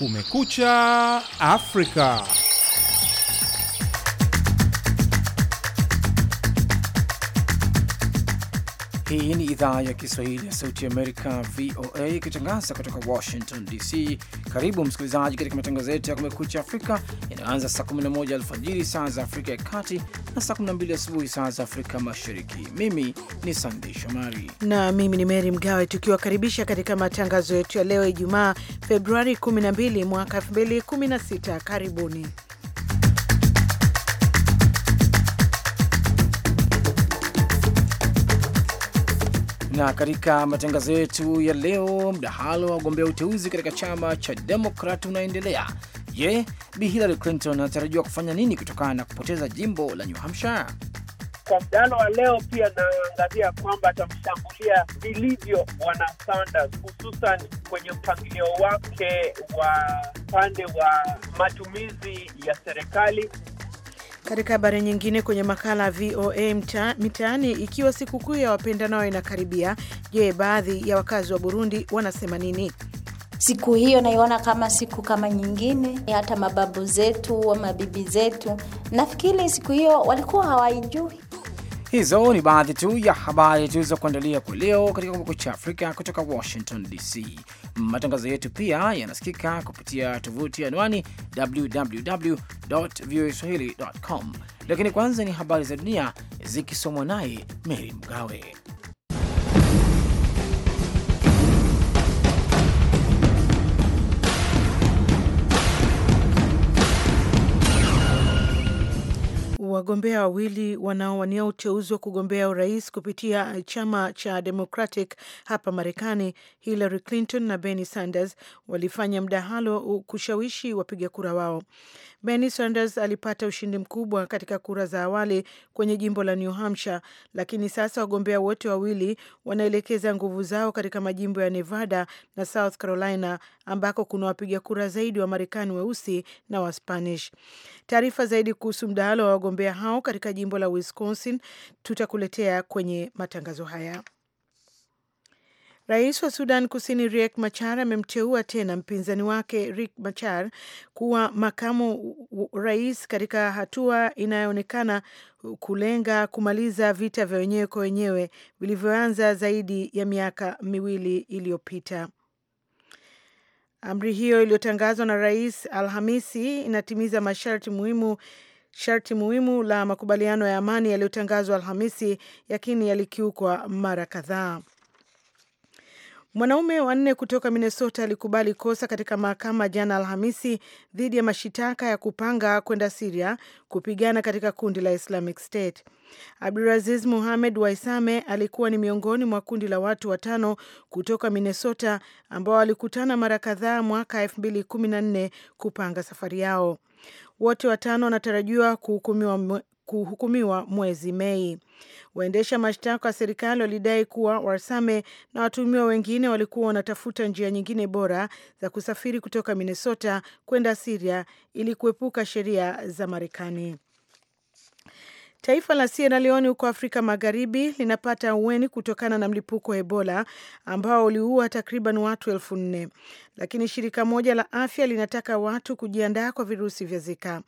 Kumekucha Afrika. Hii ni idhaa ya Kiswahili ya Sauti Amerika, VOA, ikitangaza kutoka Washington DC. Karibu msikilizaji katika matangazo yetu ya Kumekucha Afrika yanayoanza saa 11 alfajiri saa za Afrika ya Kati na saa 12 asubuhi saa za Afrika Mashariki. Mimi ni Sandei Shomari na mimi ni Meri Mgawe, tukiwakaribisha katika matangazo yetu ya leo Ijumaa Februari 12 mwaka 2016. Karibuni. Na katika matangazo yetu ya leo, mdahalo wa wagombea uteuzi katika chama cha Demokrat unaendelea. Je, Bi Hillary Clinton anatarajiwa kufanya nini kutokana na kupoteza jimbo la New Hampshire? Kwa mdahalo wa leo pia naangazia kwamba atamshambulia vilivyo bwana Sanders, hususan kwenye mpangilio wake wa upande wa matumizi ya serikali katika habari nyingine kwenye makala ya VOA Mitaani, ikiwa sikukuu ya wapendanao inakaribia, je, baadhi ya wakazi wa Burundi wanasema nini? Siku hiyo naiona kama siku kama nyingine, hata mababu zetu wa mabibi zetu, nafikiri siku hiyo walikuwa hawaijui. Hizo ni baadhi tu ya habari kuandalia kwa leo katika Kumekucha Afrika kutoka Washington DC. Matangazo yetu pia yanasikika kupitia tovuti anwani www voa swahili com, lakini kwanza ni habari za dunia zikisomwa naye Meri Mgawe. Wagombea wawili wanaowania uteuzi wa kugombea urais kupitia chama cha Democratic hapa Marekani, Hillary Clinton na Bernie Sanders walifanya mdahalo kushawishi wapiga kura wao. Bernie Sanders alipata ushindi mkubwa katika kura za awali kwenye jimbo la New Hampshire, lakini sasa wagombea wote wawili wanaelekeza nguvu zao katika majimbo ya Nevada na South Carolina ambako kuna wapiga kura zaidi wa Marekani weusi na Waspanish. Taarifa zaidi kuhusu mdahalo wa wagombea hao katika jimbo la Wisconsin tutakuletea kwenye matangazo haya. Rais wa Sudan Kusini Riek Machar amemteua tena mpinzani wake Riek Machar kuwa makamu rais katika hatua inayoonekana kulenga kumaliza vita vya wenyewe kwa wenyewe vilivyoanza zaidi ya miaka miwili iliyopita. Amri hiyo iliyotangazwa na rais Alhamisi inatimiza masharti muhimu sharti muhimu la makubaliano ya amani yaliyotangazwa Alhamisi, lakini yalikiukwa mara kadhaa. Mwanaume wanne kutoka Minnesota alikubali kosa katika mahakama jana Alhamisi dhidi ya mashitaka ya kupanga kwenda Siria kupigana katika kundi la Islamic State. Abdulaziz Muhamed Waisame alikuwa ni miongoni mwa kundi la watu watano kutoka Minnesota ambao walikutana mara kadhaa mwaka nne kupanga safari yao. Wote watano wanatarajiwa kuhukumiwa kuhukumiwa mwezi Mei. Waendesha mashtaka wa serikali walidai kuwa Warsame na watuhumiwa wengine walikuwa wanatafuta njia nyingine bora za kusafiri kutoka Minnesota kwenda Siria ili kuepuka sheria za Marekani. Taifa la Sierra Leone huko Afrika Magharibi linapata ahueni kutokana na mlipuko wa Ebola ambao uliua takriban watu elfu nne, lakini shirika moja la afya linataka watu kujiandaa kwa virusi vya Zika.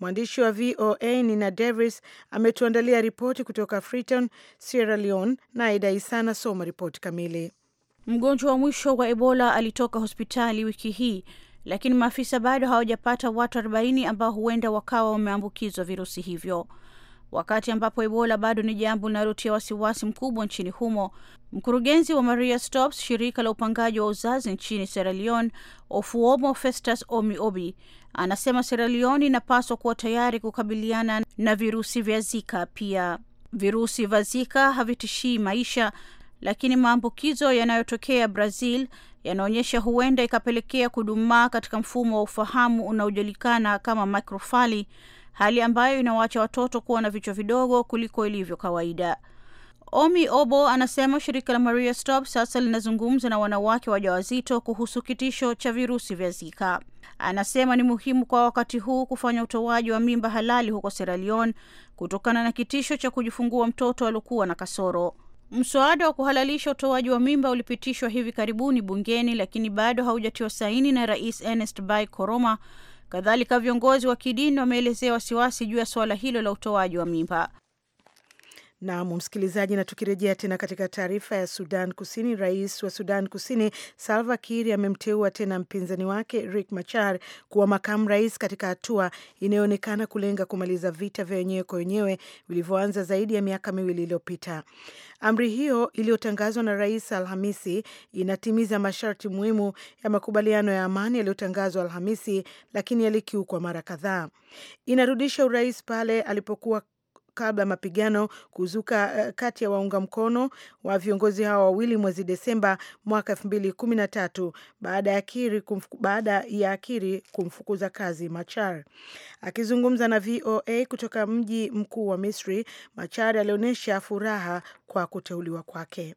Mwandishi wa VOA Nina Davis ametuandalia ripoti kutoka Freetown, Sierra Leone, na Aida Isa anasoma ripoti kamili. Mgonjwa wa mwisho wa Ebola alitoka hospitali wiki hii lakini maafisa bado hawajapata watu 40 ambao huenda wakawa wameambukizwa virusi hivyo wakati ambapo Ebola bado ni jambo linalotia wasiwasi mkubwa nchini humo. Mkurugenzi wa Maria stops shirika la upangaji wa uzazi nchini Sierra leon Ofuomo Festus Omiobi, anasema Sierra leon inapaswa kuwa tayari kukabiliana na virusi vya Zika. Pia virusi vya Zika havitishii maisha, lakini maambukizo yanayotokea Brazil yanaonyesha huenda ikapelekea kudumaa katika mfumo wa ufahamu unaojulikana kama microfali hali ambayo inawaacha watoto kuwa na vichwa vidogo kuliko ilivyo kawaida. Omi Obo anasema shirika la Maria Stop sasa linazungumza na wanawake wajawazito kuhusu kitisho cha virusi vya Zika. Anasema ni muhimu kwa wakati huu kufanya utoaji wa mimba halali huko Sierra Leone kutokana na kitisho cha kujifungua mtoto aliokuwa na kasoro. Mswada wa kuhalalisha utoaji wa mimba ulipitishwa hivi karibuni bungeni, lakini bado haujatiwa saini na Rais Ernest Bai Koroma Kadhalika, viongozi wa kidini wameelezea wasiwasi juu ya suala hilo la utoaji wa mimba. Nam msikilizaji, na tukirejea tena katika taarifa ya Sudan Kusini, rais wa Sudan Kusini Salva Kiir amemteua tena mpinzani wake Riek Machar kuwa makamu rais katika hatua inayoonekana kulenga kumaliza vita vya wenyewe kwa wenyewe vilivyoanza zaidi ya miaka miwili iliyopita. Amri hiyo iliyotangazwa na rais Alhamisi inatimiza masharti muhimu ya makubaliano ya amani yaliyotangazwa Alhamisi, lakini yalikiukwa mara kadhaa. Inarudisha urais pale alipokuwa kabla mapigano kuzuka eh, kati ya waunga mkono wa viongozi hao wawili mwezi Desemba mwaka elfu mbili kumi na tatu baada ya Akiri kumfukuza kazi Machar. Akizungumza na VOA kutoka mji mkuu wa Misri, Machar alionyesha furaha kwa kuteuliwa kwake.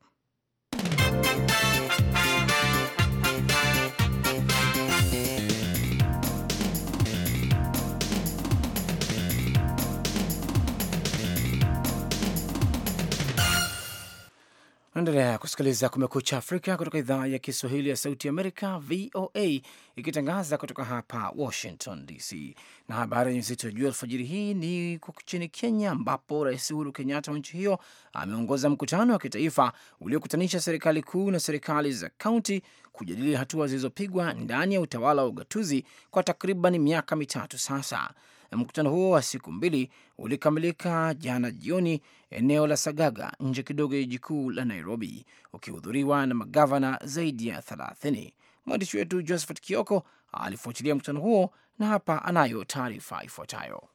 Naendelea kusikiliza Kumekucha Afrika kutoka idhaa ya Kiswahili ya Sauti Amerika, VOA, ikitangaza kutoka hapa Washington DC. Na habari yenye uzito wa juu alfajiri hii ni nchini Kenya, ambapo Rais Uhuru Kenyatta wa nchi hiyo ameongoza mkutano wa kitaifa uliokutanisha serikali kuu na serikali za kaunti kujadili hatua zilizopigwa ndani ya utawala wa ugatuzi kwa takriban miaka mitatu sasa. Mkutano huo wa siku mbili ulikamilika jana jioni eneo la Sagaga nje kidogo ya jiji kuu la Nairobi, ukihudhuriwa na magavana zaidi ya thelathini Mwandishi wetu Josephat Kioko alifuatilia mkutano huo na hapa anayo taarifa ifuatayo.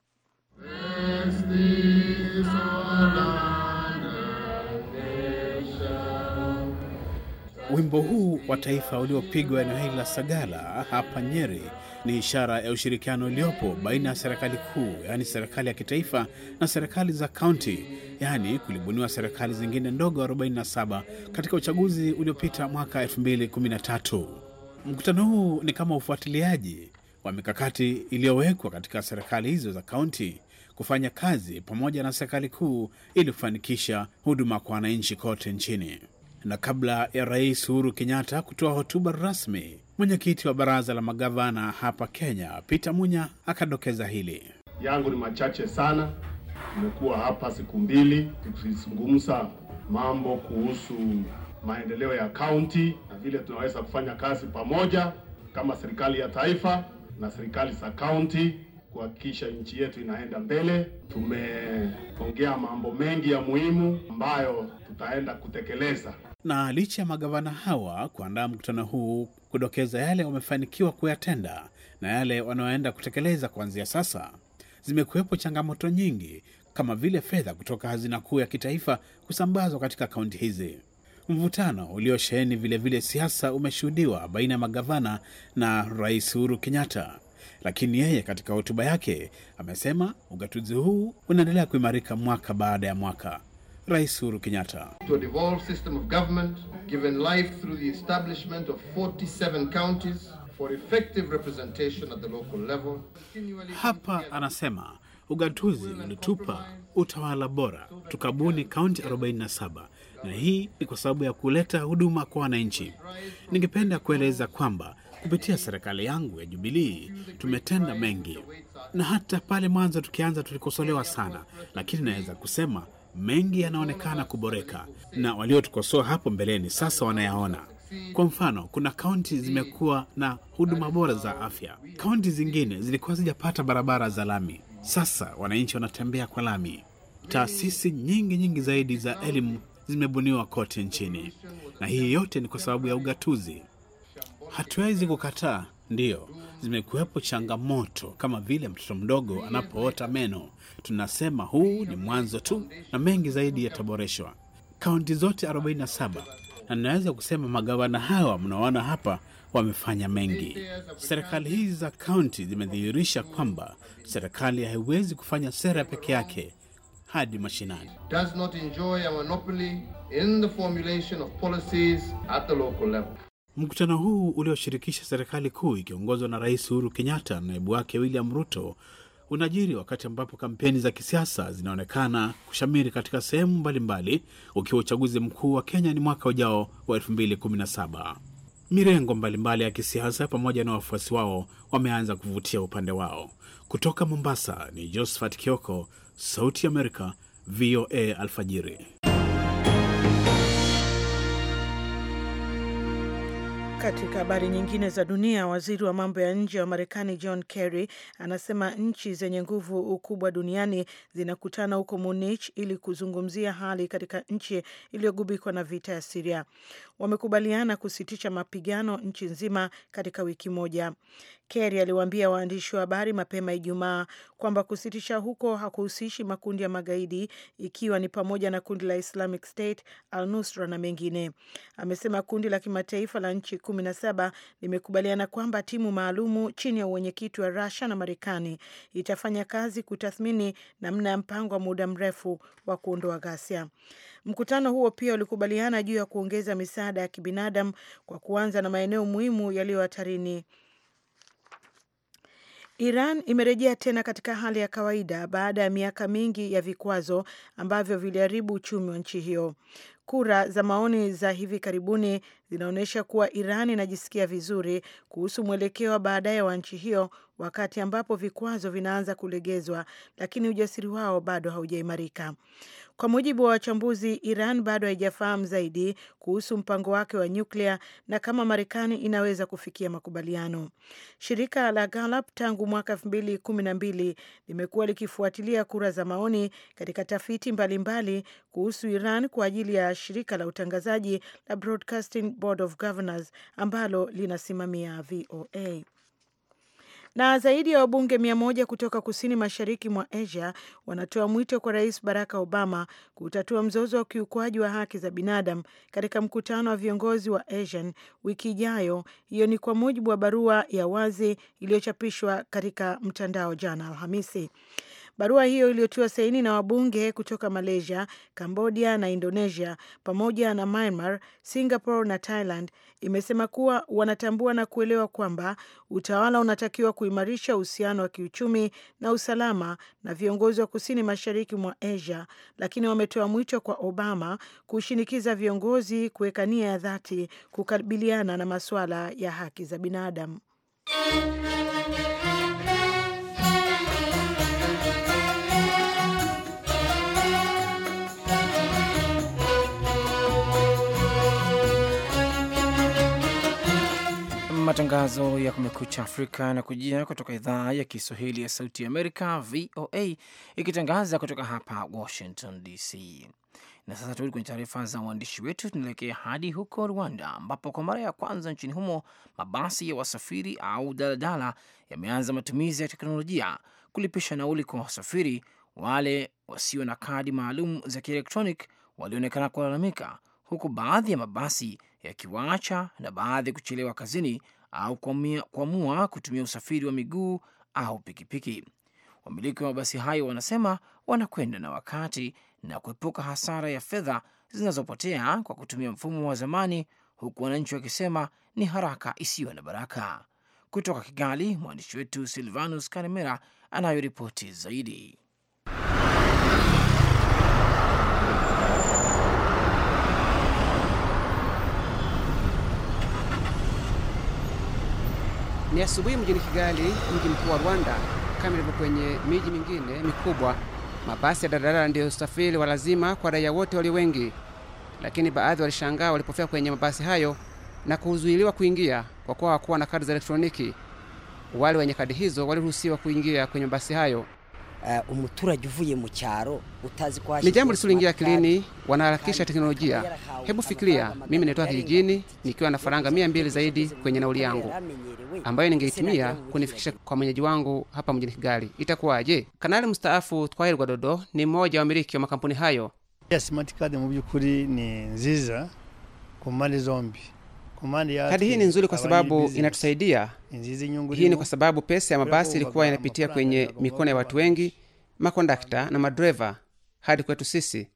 Wimbo huu wa taifa uliopigwa eneo hili la Sagala hapa Nyeri ni ishara ya ushirikiano uliopo baina ya serikali kuu, yaani serikali ya kitaifa na serikali za kaunti, yaani kulibuniwa serikali zingine ndogo 47 katika uchaguzi uliopita mwaka 2013. Mkutano huu ni kama ufuatiliaji wa mikakati iliyowekwa katika serikali hizo za kaunti kufanya kazi pamoja na serikali kuu ili kufanikisha huduma kwa wananchi kote nchini na kabla ya Rais Uhuru Kenyatta kutoa hotuba rasmi, mwenyekiti wa baraza la magavana hapa Kenya Peter Munya akadokeza hili. Yangu ni machache sana. Tumekuwa hapa siku mbili tukizungumza mambo kuhusu maendeleo ya kaunti na vile tunaweza kufanya kazi pamoja kama serikali ya taifa na serikali za kaunti kuhakikisha nchi yetu inaenda mbele. Tumeongea mambo mengi ya muhimu ambayo tutaenda kutekeleza na licha ya magavana hawa kuandaa mkutano huu kudokeza yale wamefanikiwa kuyatenda na yale wanaoenda kutekeleza kuanzia sasa, zimekuwepo changamoto nyingi kama vile fedha kutoka hazina kuu ya kitaifa kusambazwa katika kaunti hizi. Mvutano uliosheheni vilevile siasa umeshuhudiwa baina ya magavana na Rais Uhuru Kenyatta, lakini yeye katika hotuba yake amesema ugatuzi huu unaendelea kuimarika mwaka baada ya mwaka. Rais Uhuru Kenyatta. To system of government given life through the establishment of 47 counties for effective representation at the local level. Hapa anasema ugatuzi ulitupa utawala bora, tukabuni kaunti 47 na hii ni kwa sababu ya kuleta huduma kwa wananchi. Ningependa kueleza kwamba kupitia serikali yangu ya Jubilii tumetenda mengi, na hata pale mwanzo tukianza tulikosolewa sana, lakini naweza kusema mengi yanaonekana kuboreka, na waliotukosoa hapo mbeleni sasa wanayaona. Kwa mfano, kuna kaunti zimekuwa na huduma bora za afya. Kaunti zingine zilikuwa zijapata barabara za lami, sasa wananchi wanatembea kwa lami. Taasisi nyingi nyingi zaidi za elimu zimebuniwa kote nchini, na hii yote ni kwa sababu ya ugatuzi. Hatuwezi kukataa, ndiyo zimekuwepo changamoto kama vile mtoto mdogo mm-hmm. anapoota meno. Tunasema huu ni mwanzo tu na mengi zaidi yataboreshwa. Kaunti zote 47 na ninaweza kusema magavana hawa mnaona hapa wamefanya mengi. Serikali hizi za kaunti zimedhihirisha kwamba serikali haiwezi kufanya sera peke yake hadi mashinani. Does not enjoy a monopoly in the formulation of policies at the local level. Mkutano huu ulioshirikisha serikali kuu ikiongozwa na Rais Uhuru Kenyatta na naibu wake William Ruto unajiri wakati ambapo kampeni za kisiasa zinaonekana kushamiri katika sehemu mbalimbali, ukiwa uchaguzi mkuu wa Kenya ni mwaka ujao wa 2017. Mirengo mbalimbali ya kisiasa pamoja na wafuasi wao wameanza kuvutia upande wao. Kutoka Mombasa ni Josephat Kioko, Sauti ya Amerika, VOA Alfajiri. Katika habari nyingine za dunia, waziri wa mambo ya nje wa Marekani John Kerry anasema nchi zenye nguvu ukubwa duniani zinakutana huko Munich ili kuzungumzia hali katika nchi iliyogubikwa na vita ya Siria wamekubaliana kusitisha mapigano nchi nzima katika wiki moja. Kerry aliwaambia waandishi wa habari mapema Ijumaa kwamba kusitisha huko hakuhusishi makundi ya magaidi ikiwa ni pamoja na kundi la Islamic State, al-Nusra na mengine. Amesema kundi la kimataifa la nchi kumi na saba limekubaliana kwamba timu maalumu chini ya uwenyekiti wa Russia na Marekani itafanya kazi kutathmini namna ya mpango wa muda mrefu wa kuondoa ghasia. Mkutano huo pia ulikubaliana juu ya kuongeza misaada ya kibinadamu kwa kuanza na maeneo muhimu yaliyo hatarini. Iran imerejea tena katika hali ya kawaida baada ya miaka mingi ya vikwazo ambavyo viliharibu uchumi wa nchi hiyo. Kura za maoni za hivi karibuni zinaonyesha kuwa Iran inajisikia vizuri kuhusu mwelekeo wa baadaye wa nchi hiyo, wakati ambapo vikwazo vinaanza kulegezwa, lakini ujasiri wao bado haujaimarika. Kwa mujibu wa wachambuzi, Iran bado haijafahamu zaidi kuhusu mpango wake wa nyuklia na kama Marekani inaweza kufikia makubaliano. Shirika la Gallup tangu mwaka kumi na mbili limekuwa likifuatilia kura za maoni katika tafiti mbalimbali mbali kuhusu Iran kwa ajili ya shirika la utangazaji la Broadcasting Board of Governors ambalo linasimamia VOA. Na zaidi ya wabunge mia moja kutoka kusini mashariki mwa Asia wanatoa mwito kwa Rais Barack Obama kutatua mzozo wa ukiukwaji wa haki za binadamu katika mkutano wa viongozi wa ASEAN wiki ijayo. Hiyo ni kwa mujibu wa barua ya wazi iliyochapishwa katika mtandao jana Alhamisi. Barua hiyo iliyotiwa saini na wabunge kutoka Malaysia, Cambodia na Indonesia pamoja na Myanmar, Singapore na Thailand imesema kuwa wanatambua na kuelewa kwamba utawala unatakiwa kuimarisha uhusiano wa kiuchumi na usalama na viongozi wa kusini mashariki mwa Asia, lakini wametoa mwito kwa Obama kushinikiza viongozi kuweka nia ya dhati kukabiliana na masuala ya haki za binadamu. Matangazo ya Kumekucha Afrika na kujia kutoka idhaa ya Kiswahili ya Sauti ya Amerika, VOA, ikitangaza kutoka hapa Washington DC. Na sasa turudi kwenye taarifa za waandishi wetu. Tunaelekea hadi huko Rwanda, ambapo kwa mara ya kwanza nchini humo mabasi ya wasafiri au daladala yameanza matumizi ya teknolojia kulipisha nauli kwa wasafiri wale wasio na kadi maalum za kielektronic walionekana kulalamika, huku baadhi ya mabasi yakiwaacha na baadhi kuchelewa kazini au kuamua kutumia usafiri wa miguu au pikipiki. Wamiliki wa mabasi hayo wanasema wanakwenda na wakati na kuepuka hasara ya fedha zinazopotea kwa kutumia mfumo wa zamani, huku wananchi wakisema ni haraka isiyo na baraka. Kutoka Kigali, mwandishi wetu Silvanus Karemera anayo ripoti zaidi. Ni asubuhi mjini Kigali, mji mkuu wa Rwanda. Kama ilivyo kwenye miji mingine mikubwa, mabasi ya daladala ndiyo usafiri wa lazima kwa raia wote walio wengi, lakini baadhi walishangaa walipofika kwenye mabasi hayo na kuzuiliwa kuingia kwa kuwa hawakuwa na kadi za elektroniki. Wale wenye kadi hizo waliruhusiwa kuingia kwenye mabasi hayo. Eh, umuturage uvuye mu cyaro utazi kwa ni jambo lisiloingia akilini. Wanaharakisha teknolojia. Hebu fikiria mimi natoka kijijini nikiwa na faranga mia mbili zaidi kwenye nauli yangu ambayo ningeitumia kunifikisha kwa mwenyeji wangu hapa mjini Kigali, itakuwaje? Kanali mstaafu Twahirwa Dodo ni mmoja wa wamiliki wa makampuni hayo. Yes, smart card mu byukuri ni nziza ku mali zombi Kadi hii ni nzuri kwa sababu inatusaidia. Hii ni kwa sababu pesa ya mabasi ilikuwa inapitia kwenye mikono ya watu wengi, makondakta na madreva, hadi kwetu sisi,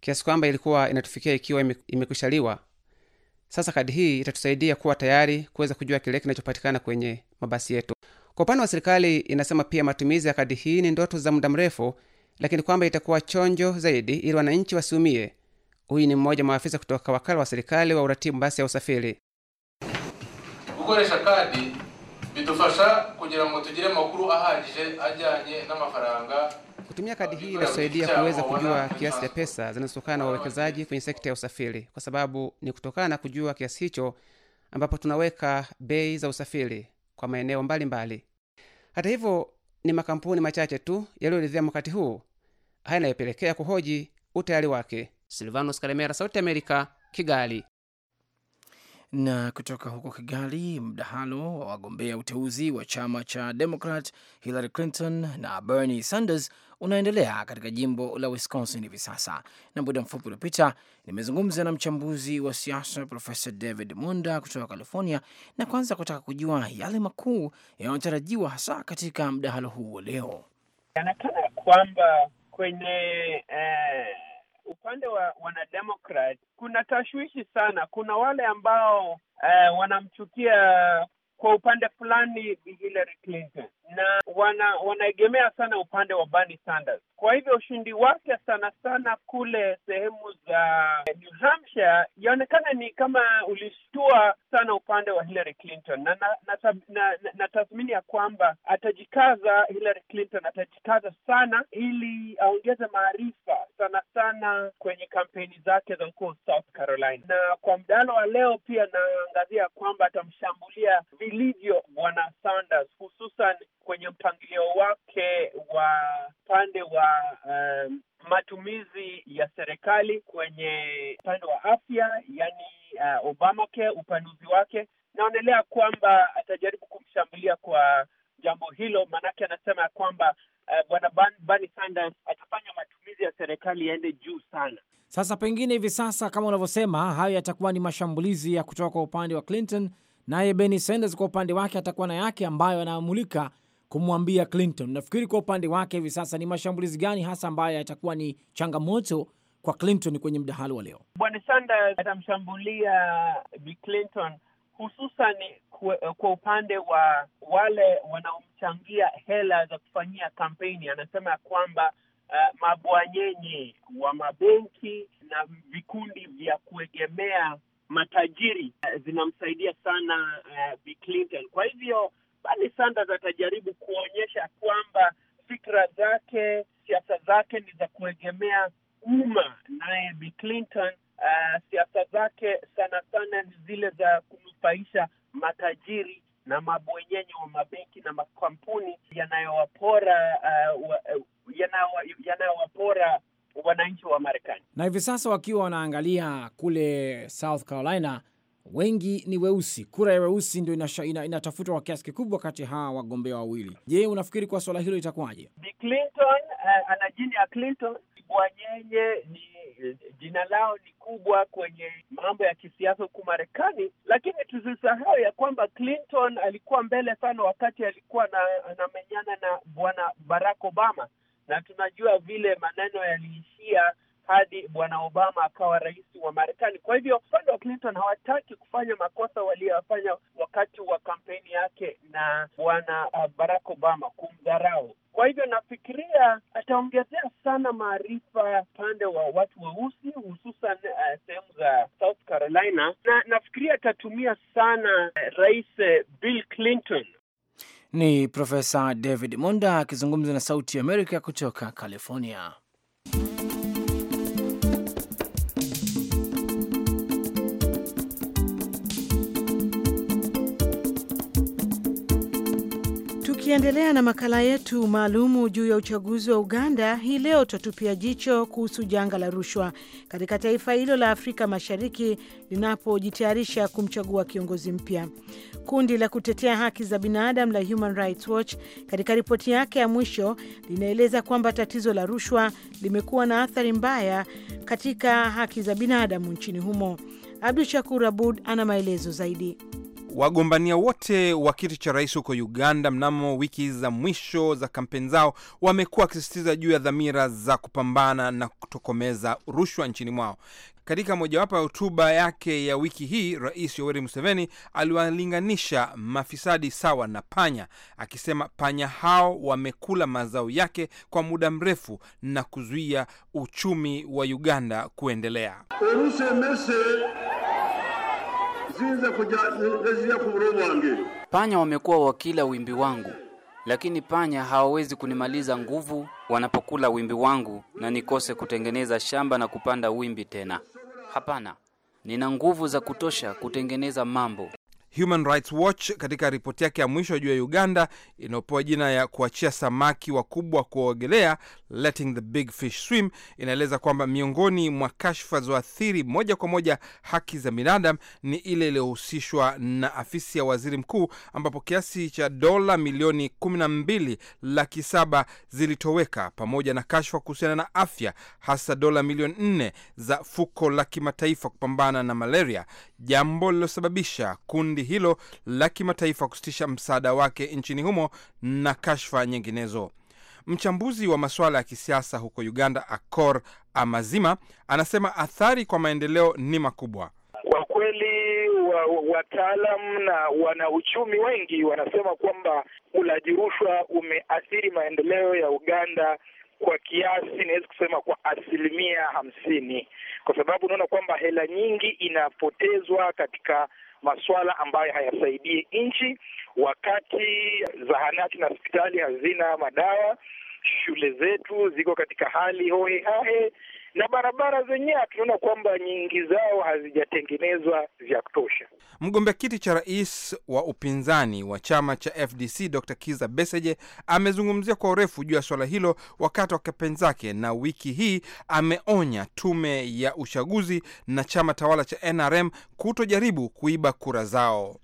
kiasi kwamba ilikuwa inatufikia ikiwa imekwishaliwa. Sasa kadi hii itatusaidia kuwa tayari kuweza kujua kile kinachopatikana kwenye mabasi yetu. Kwa upande wa serikali, inasema pia matumizi ya kadi hii ni ndoto za muda mrefu, lakini kwamba itakuwa chonjo zaidi ili wananchi wasiumie. Huyu ni mmoja wa maafisa kutoka wakala wa serikali wa uratibu basi ya usafiri gukoresha kadi bidufasha kugira ngo tugire amakuru ahagije ajyanye n'amafaranga Kutumia kadi hii inasaidia kuweza kujua kiasi cha pesa zinazotokana na wawekezaji kwenye sekta ya usafiri, kwa sababu ni kutokana na kujua kiasi hicho ambapo tunaweka bei za usafiri kwa maeneo mbalimbali. Hata hivyo, ni makampuni machache tu yaliyoridhia wakati huu, haya inayopelekea kuhoji utayari wake. Silvanos Karemera, Sauti Amerika, Kigali. Na kutoka huko Kigali, mdahalo wa wagombea uteuzi wa chama cha demokrat Hillary Clinton na Bernie Sanders unaendelea katika jimbo la Wisconsin hivi sasa, na muda mfupi uliopita nimezungumza na mchambuzi wa siasa Profesa David Monda kutoka California, na kwanza kutaka kujua yale makuu yanayotarajiwa hasa katika mdahalo huu wa leo. Inaonekana kwamba kwenye eh, upande wa wanademokrat kuna tashwishi sana. Kuna wale ambao eh, wanamchukia kwa upande fulani Hillary Clinton na wana- wanaegemea sana upande wa Bernie Sanders. Kwa hivyo ushindi wake sana sana kule sehemu za New Hampshire yaonekana ni kama ulishtua sana upande wa Hillary Clinton, na natathmini na, na, na, na ya kwamba atajikaza Hillary Clinton, atajikaza sana ili aongeze maarifa sana sana kwenye kampeni zake za huko South Carolina, na kwa mdalo wa leo pia naangazia kwamba atamshambulia vilivyo Bwana Sanders, hususan kwenye mpangilio wake wa upande wa um, matumizi ya serikali kwenye upande wa afya, yani uh, Obamacare, upanuzi wake, naonelea kwamba atajaribu kumshambulia kwa jambo hilo, maanake anasema ya kwamba uh, bwana Bernie Sanders atafanya matumizi ya serikali yaende juu sana. Sasa pengine hivi sasa, kama unavyosema, hayo yatakuwa ni mashambulizi ya kutoka kwa upande wa Clinton, naye Bernie Sanders kwa upande wake atakuwa na yake ambayo anaamulika kumwambia Clinton. Nafikiri kwa upande wake hivi sasa ni mashambulizi gani hasa ambayo yatakuwa ni changamoto kwa Clinton kwenye mdahalo wa leo? Bwana Sanders atamshambulia Bi Clinton hususan kwa upande wa wale wanaomchangia hela za kufanyia kampeni. Anasema ya kwamba uh, mabwanyenye wa mabenki na vikundi vya kuegemea matajiri uh, zinamsaidia sana uh, eh, Bi Clinton. Kwa hivyo Bernie Sanders atajaribu kuonyesha kwamba fikra zake, siasa zake ni za kuegemea umma, naye Bi Clinton uh, siasa zake sana sana ni zile za kunufaisha matajiri na mabwenyenye wa mabenki na makampuni yanayowapora uh, uh yanayowapora wananchi wa Marekani. Na hivi sasa wakiwa wanaangalia kule South Carolina wengi ni weusi. Kura ya weusi ndio inatafutwa kwa kiasi kikubwa kati ya hawa wagombea wawili. Je, unafikiri kwa swala hilo itakuwaje? Clinton uh, ana jina ya Clinton. Bwanyenye ni jina lao ni kubwa kwenye mambo ya kisiasa huku Marekani, lakini tusisahau ya kwamba Clinton alikuwa mbele sana wakati alikuwa na, anamenyana na bwana Barack Obama, na tunajua vile maneno yaliishia hadi bwana Obama akawa rais wa Marekani. Kwa hivyo upande wa Clinton hawataki kufanya makosa waliyofanya wakati wa kampeni yake na bwana uh, Barack Obama, kumdharau. Kwa hivyo nafikiria ataongezea sana maarifa upande wa watu weusi wa hususan uh, sehemu za South Carolina, na nafikiria atatumia sana uh, rais uh, Bill Clinton. Ni Profesa David Monda akizungumza na Sauti ya Amerika kutoka California. Tukiendelea na makala yetu maalumu juu ya uchaguzi wa Uganda, hii leo tutatupia jicho kuhusu janga la rushwa katika taifa hilo la Afrika Mashariki linapojitayarisha kumchagua kiongozi mpya. Kundi la kutetea haki za binadamu la Human Rights Watch katika ripoti yake ya mwisho linaeleza kwamba tatizo la rushwa limekuwa na athari mbaya katika haki za binadamu nchini humo. Abdu Shakur Abud ana maelezo zaidi. Wagombania wote wa kiti cha rais huko Uganda mnamo wiki za mwisho za kampeni zao wamekuwa wakisisitiza juu ya dhamira za kupambana na kutokomeza rushwa nchini mwao. Katika mojawapo ya hotuba yake ya wiki hii, Rais Yoweri Museveni aliwalinganisha mafisadi sawa na panya, akisema panya hao wamekula mazao yake kwa muda mrefu na kuzuia uchumi wa Uganda kuendelea sinza kuja ku kuburu wange. Panya wamekuwa wakila wimbi wangu, lakini panya hawawezi kunimaliza nguvu wanapokula wimbi wangu na nikose kutengeneza shamba na kupanda wimbi tena. Hapana, nina nguvu za kutosha kutengeneza mambo Human Rights Watch katika ripoti yake ya mwisho juu ya Uganda inayopewa jina ya kuachia samaki wakubwa kuogelea, letting the big fish swim, inaeleza kwamba miongoni mwa kashfa zoathiri moja kwa moja haki za binadamu ni ile iliyohusishwa na afisi ya waziri mkuu, ambapo kiasi cha dola milioni 12 laki saba zilitoweka pamoja na kashfa kuhusiana na afya, hasa dola milioni 4 za fuko la kimataifa kupambana na malaria, jambo lililosababisha kundi hilo la kimataifa kusitisha msaada wake nchini humo na kashfa nyinginezo. Mchambuzi wa masuala ya kisiasa huko Uganda, Akor Amazima, anasema athari kwa maendeleo ni makubwa. Kwa kweli, wataalam wa na wanauchumi wengi wanasema kwamba ulaji rushwa umeathiri maendeleo ya Uganda kwa kiasi, inawezi kusema kwa asilimia hamsini, kwa sababu unaona kwamba hela nyingi inapotezwa katika masuala ambayo hayasaidii nchi, wakati zahanati na hospitali hazina madawa, shule zetu ziko katika hali hohehahe na barabara zenyewe tunaona kwamba nyingi zao hazijatengenezwa vya kutosha. Mgombea kiti cha rais wa upinzani wa chama cha FDC Dr. Kiza Beseje amezungumzia kwa urefu juu ya suala hilo wakati wa kampeni zake, na wiki hii ameonya tume ya uchaguzi na chama tawala cha NRM kutojaribu kuiba kura zao.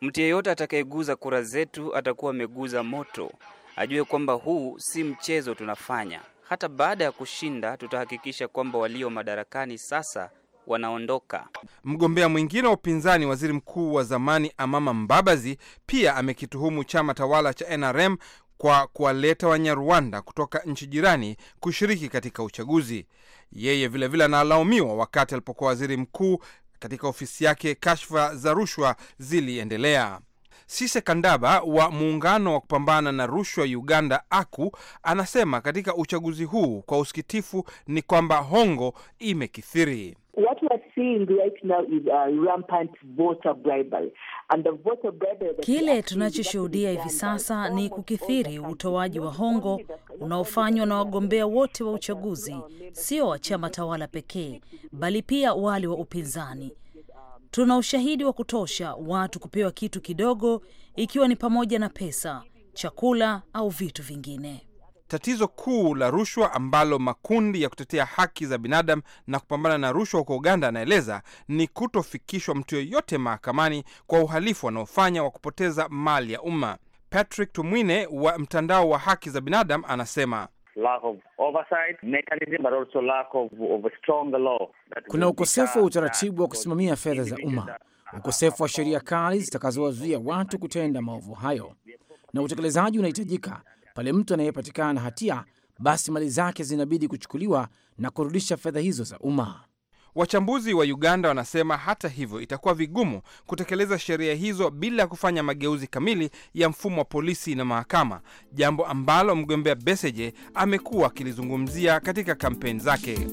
Mtu yeyote atakayeguza kura zetu atakuwa ameguza moto. Ajue kwamba huu si mchezo tunafanya. Hata baada ya kushinda, tutahakikisha kwamba walio madarakani sasa wanaondoka. Mgombea mwingine wa upinzani, waziri mkuu wa zamani Amama Mbabazi, pia amekituhumu chama tawala cha NRM kwa kuwaleta Wanyarwanda kutoka nchi jirani kushiriki katika uchaguzi. Yeye vilevile analaumiwa wakati alipokuwa waziri mkuu katika ofisi yake, kashfa za rushwa ziliendelea. Sise Kandaba wa muungano wa kupambana na rushwa Uganda, AKU, anasema katika uchaguzi huu kwa usikitifu ni kwamba hongo imekithiri seeing right now is rampant voter bribery. And the voter bribery kile tunachoshuhudia hivi sasa ni kukithiri utoaji wa hongo unaofanywa na wagombea wote wa uchaguzi, sio wa chama tawala pekee, bali pia wale wa upinzani. Tuna ushahidi wa kutosha watu kupewa kitu kidogo, ikiwa ni pamoja na pesa, chakula au vitu vingine. Tatizo kuu la rushwa ambalo makundi ya kutetea haki za binadamu na kupambana na rushwa huko Uganda anaeleza ni kutofikishwa mtu yoyote mahakamani kwa uhalifu wanaofanya wa kupoteza mali ya umma. Patrick Tumwine wa mtandao wa haki za binadamu anasema kuna ukosefu wa utaratibu wa kusimamia fedha za umma, ukosefu wa sheria kali zitakazowazuia watu kutenda maovu hayo, na utekelezaji unahitajika pale mtu anayepatikana na hatia, basi mali zake zinabidi kuchukuliwa na kurudisha fedha hizo za umma. Wachambuzi wa Uganda wanasema hata hivyo, itakuwa vigumu kutekeleza sheria hizo bila ya kufanya mageuzi kamili ya mfumo wa polisi na mahakama, jambo ambalo mgombea beseje amekuwa akilizungumzia katika kampeni zake.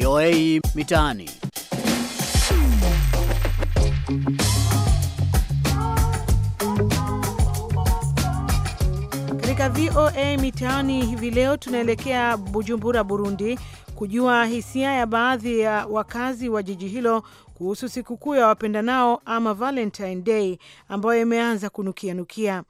VOA Mitaani. Katika VOA Mitaani hivi leo tunaelekea Bujumbura, Burundi, kujua hisia ya baadhi ya wakazi wa jiji hilo kuhusu sikukuu ya wapendanao ama Valentine Day ambayo imeanza kunukianukia.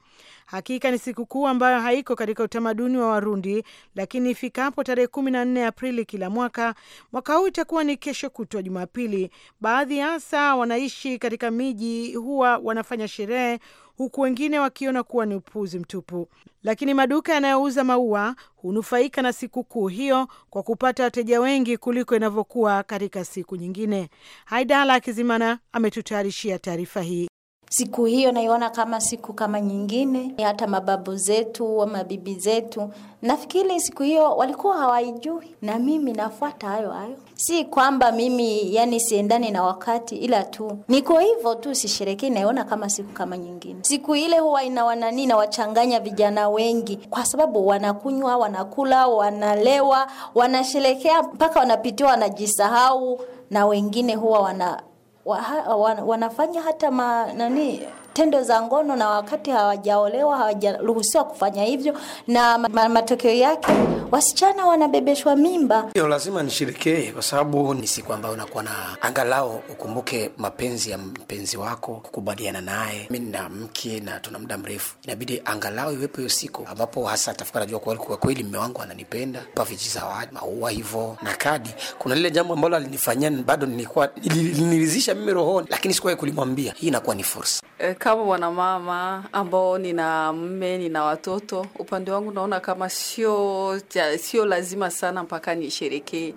Hakika ni sikukuu ambayo haiko katika utamaduni wa Warundi, lakini ifikapo tarehe kumi na nne Aprili kila mwaka, mwaka huu itakuwa ni kesho kutwa Jumapili. Baadhi hasa wanaishi katika miji huwa wanafanya sherehe huku wengine wakiona kuwa ni upuzi mtupu, lakini maduka yanayouza maua hunufaika na sikukuu hiyo kwa kupata wateja wengi kuliko inavyokuwa katika siku nyingine. Haidala Kizimana ametutayarishia taarifa hii siku hiyo naiona kama siku kama nyingine. Hata mababu zetu, mabibi zetu, nafikiri siku hiyo walikuwa hawaijui, na mimi nafuata hayo hayo. Si kwamba mimi yani siendani na wakati, ila tu niko hivyo tu, sisherekei, naiona kama siku kama nyingine. Siku ile huwa inawanani na wachanganya vijana wengi, kwa sababu wanakunywa, wanakula, wanalewa, wanasherekea mpaka wanapitiwa, wanajisahau na wengine huwa wana wa, wa, wanafanya hata ma, nani tendo za ngono na wakati hawajaolewa hawajaruhusiwa kufanya hivyo, na matokeo yake wasichana wanabebeshwa mimba. Hiyo lazima nisherekee, kwa sababu ni siku ambayo unakuwa na angalau ukumbuke mapenzi ya mpenzi wako, kukubaliana naye. Mi nina mke na tuna muda mrefu, inabidi angalau iwepo hiyo siku ambapo hasa tafika, najua kwa kweli mme wangu ananipenda, pa zawadi maua hivo na kadi. Kuna lile jambo ambalo alinifanyia bado nilikuwa nilirizisha mimi rohoni, lakini sikuwahi kulimwambia. Hii inakuwa ni fursa Eh, kama mwanamama ambao nina mme nina watoto, upande wangu naona kama sio sio lazima sana mpaka nisherekee.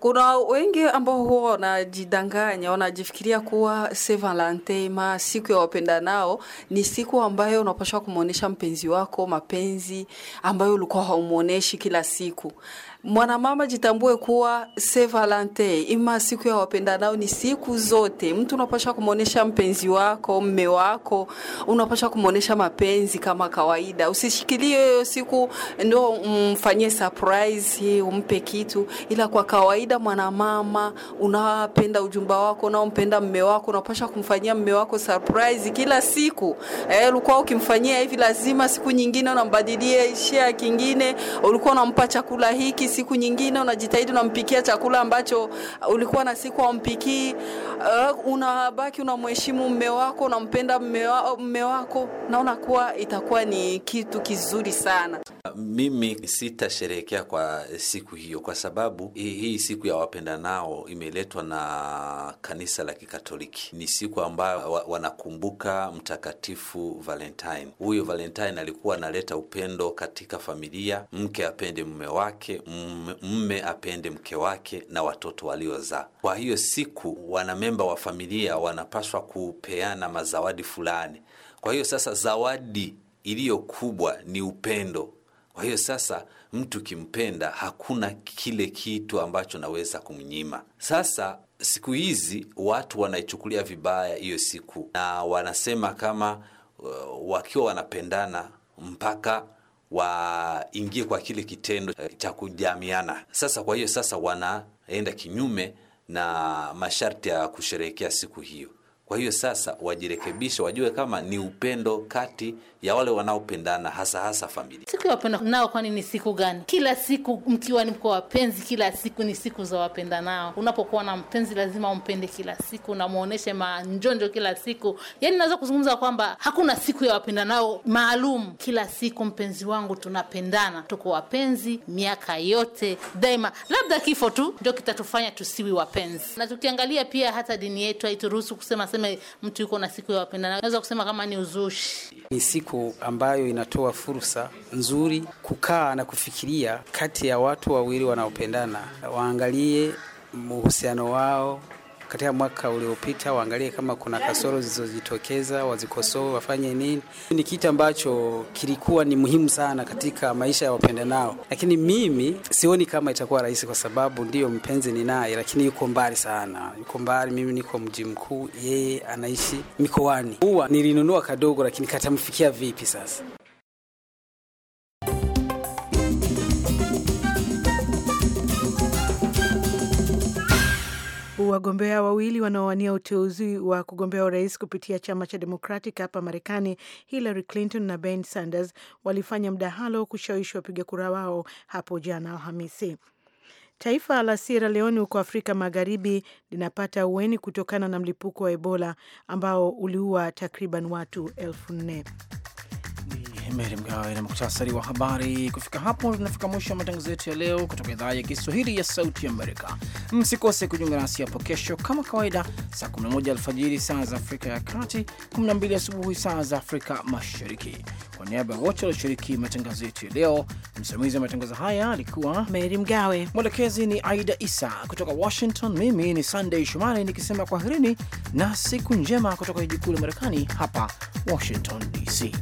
Kuna wengi ambao huwa wanajidanganya, wanajifikiria kuwa Saint Valentin ma siku ya nao ni siku ambayo unapashwa kumwonyesha mpenzi wako mapenzi ambayo ulikuwa haumwoneshi kila siku. Mwanamama, jitambue kuwa Saint Valentin ima siku ya wapendanao ni siku zote. Mtu unapasha kumwonesha mpenzi wako, mme wako, unapasha kumwonesha mapenzi kama kawaida. Usishikilie hiyo siku ndo mfanyie surprise, umpe kitu, ila kwa kawaida mwanamama, unapenda ujumba wako, unaompenda mme wako, unapasha kumfanyia mme wako surprise kila siku. Eh, ulikuwa ukimfanyia hivi, lazima siku nyingine unambadilia ishia kingine, ulikuwa unampa chakula hiki siku nyingine unajitahidi unampikia chakula ambacho uh, ulikuwa na siku ampikii Uh, unabaki unamheshimu mme wako, unampenda mme wako, naona kuwa itakuwa ni kitu kizuri sana. Mimi sitasherehekea kwa siku hiyo kwa sababu hii siku ya wapenda nao imeletwa na kanisa la Kikatoliki. Ni siku ambayo wanakumbuka mtakatifu Valentine. Huyo Valentine alikuwa analeta upendo katika familia, mke apende mume wake, mume apende mke wake na watoto waliozaa. Kwa hiyo siku wanamemba wa familia wanapaswa kupeana mazawadi fulani. Kwa hiyo sasa zawadi iliyo kubwa ni upendo. Kwa hiyo sasa, mtu kimpenda, hakuna kile kitu ambacho naweza kumnyima. Sasa siku hizi watu wanaichukulia vibaya hiyo siku, na wanasema kama uh, wakiwa wanapendana mpaka waingie kwa kile kitendo eh, cha kujamiana. Sasa kwa hiyo sasa wanaenda kinyume na masharti ya kusherehekea siku hiyo. Kwa hiyo sasa wajirekebishe, wajue kama ni upendo kati ya wale wanaopendana hasa hasa familia. Siku ya wapenda nao kwani ni siku gani? Kila siku mkiwa ni mko wapenzi, kila siku ni siku za wapenda nao. Unapokuwa na mpenzi lazima umpende kila siku na muoneshe manjonjo kila siku. Yani naweza kuzungumza kwamba hakuna siku ya wapenda nao maalum. Kila siku mpenzi wangu, tunapendana, tuko wapenzi miaka yote daima, labda kifo tu ndio kitatufanya tusiwi wapenzi. Na tukiangalia pia hata dini yetu haituruhusu kusema seme mtu yuko na siku ya wapenda nao, naweza kusema kama ni uzushi, ni siku siku ambayo inatoa fursa nzuri kukaa na kufikiria kati ya watu wawili wanaopendana, waangalie uhusiano wao katika mwaka uliopita, waangalie kama kuna kasoro zilizojitokeza, wazikosoe, wafanye nini. Ni kitu ambacho kilikuwa ni muhimu sana katika maisha ya wapendanao, lakini mimi sioni kama itakuwa rahisi, kwa sababu ndiyo mpenzi ninaye, lakini yuko mbali sana, yuko mbali. Mimi niko mji mkuu, yeye anaishi mikoani. Huwa nilinunua kadogo, lakini katamfikia vipi sasa? Wagombea wawili wanaowania uteuzi wa kugombea urais kupitia chama cha Democratic hapa Marekani, Hillary Clinton na Bernie Sanders walifanya mdahalo kushawishi wapiga kura wao hapo jana Alhamisi. Taifa la Sierra Leone huko Afrika Magharibi linapata uweni kutokana na mlipuko wa Ebola ambao uliua takriban watu elfu nne. Meri Mgawe na muktasari wa habari. Kufika hapo, tunafika mwisho wa matangazo yetu ya leo kutoka idhaa ya Kiswahili ya Sauti Amerika. Msikose kujiunga nasi hapo kesho kama kawaida, saa 11 alfajiri saa za Afrika ya Kati, 12 asubuhi saa za Afrika Mashariki. Kwa niaba ya wote walioshiriki matangazo yetu ya leo, msimamizi wa matangazo haya alikuwa Meri Mgawe, mwelekezi ni Aida Isa kutoka Washington. Mimi ni sandey Shomari nikisema kwaherini na siku njema kutoka jiji kuu la Marekani, hapa Washington DC.